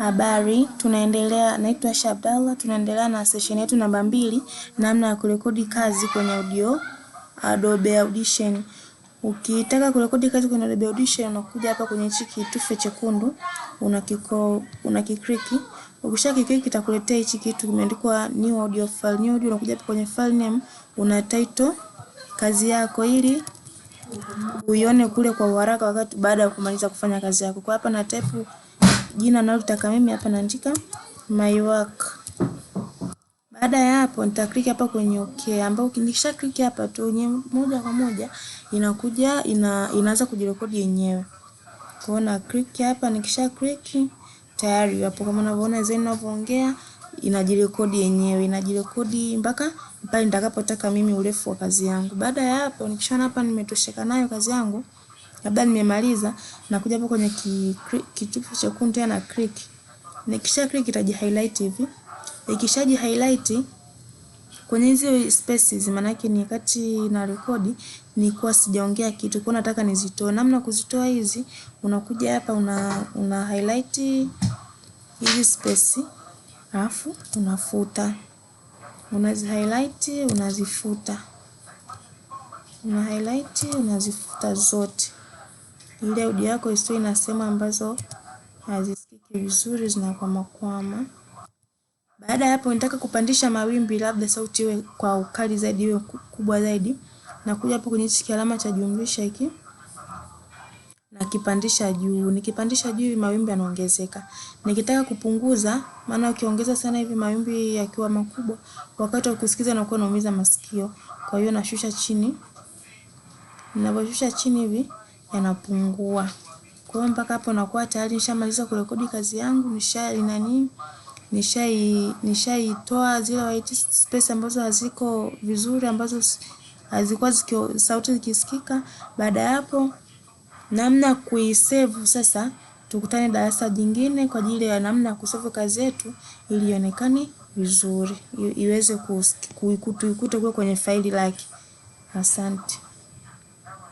Habari, tunaendelea. Naitwa Aisha Abdallah. Tunaendelea na session yetu namba mbili, namna ya kurekodi kazi kwenye audio Adobe Audition. Ukitaka kurekodi kazi kwenye Adobe Audition, unakuja hapa kwenye hichi kitufe chekundu, unakiko unakikliki. Ukisha kikliki, kitakuletea hichi kitu kimeandikwa new audio file. New audio, unakuja hapa kwenye file name, una title kazi yako ili uione kule kwa uharaka wakati baada ya kumaliza kufanya kazi yako. Kwa hapa na type jina nalotaka mimi hapa naandika my work. Baada ya hapo nitaklik hapa kwenye okay, ambao nikisha click hapa tu moja kwa moja inakuja ina, inaanza kujirekodi yenyewe. Kwa na click hapa, nikisha click tayari hapo, kama unavyoona zeni ninavyoongea inajirekodi yenyewe, inajirekodi mpaka pale nitakapotaka mimi urefu wa kazi yangu. Baada ya hapo nikishaona hapa nimetosheka nayo kazi yangu labda nimemaliza nakuja hapo kwenye kichupu chekundu tena click. Nikisha click itaji highlight hivi. Ikishaji highlight kwenye hizi spaces maana yake ni kati na rekodi kwa sijaongea kitu, kwa nataka nizitoe. Namna kuzitoa hizi, unakuja hapa una, una highlight hizi space alafu unafuta, unazi highlight unazifuta, una highlight unazifuta zote. Linda audio yako isiwe na sehemu ambazo hazisikiki vizuri zinakwamakwama. Baada ya hapo nitaka kupandisha mawimbi, labda sauti iwe kwa ukali zaidi, iwe kubwa zaidi. na kuja hapo kwenye hichi alama cha jumlisha hiki nakipandisha juu. Nikipandisha juu hivi mawimbi yanaongezeka. Nikitaka kupunguza, maana ukiongeza sana hivi mawimbi yakiwa makubwa, wakati wa kusikiza nakuwa naumiza masikio. Kwa hiyo nashusha chini, ninavyoshusha chini hivi yanapungua. Kwa hiyo mpaka hapo nakuwa tayari nishamaliza kurekodi kazi yangu, nishai nani, nishai nishaitoa zile white space ambazo haziko vizuri ambazo hazikuwa zikio, sauti zikisikika. Baada ya hapo namna kuisave sasa, tukutane darasa jingine kwa ajili ya namna ya kusave kazi yetu ili ionekane vizuri, iweze kuikuta kule kwenye faili lake. Asante.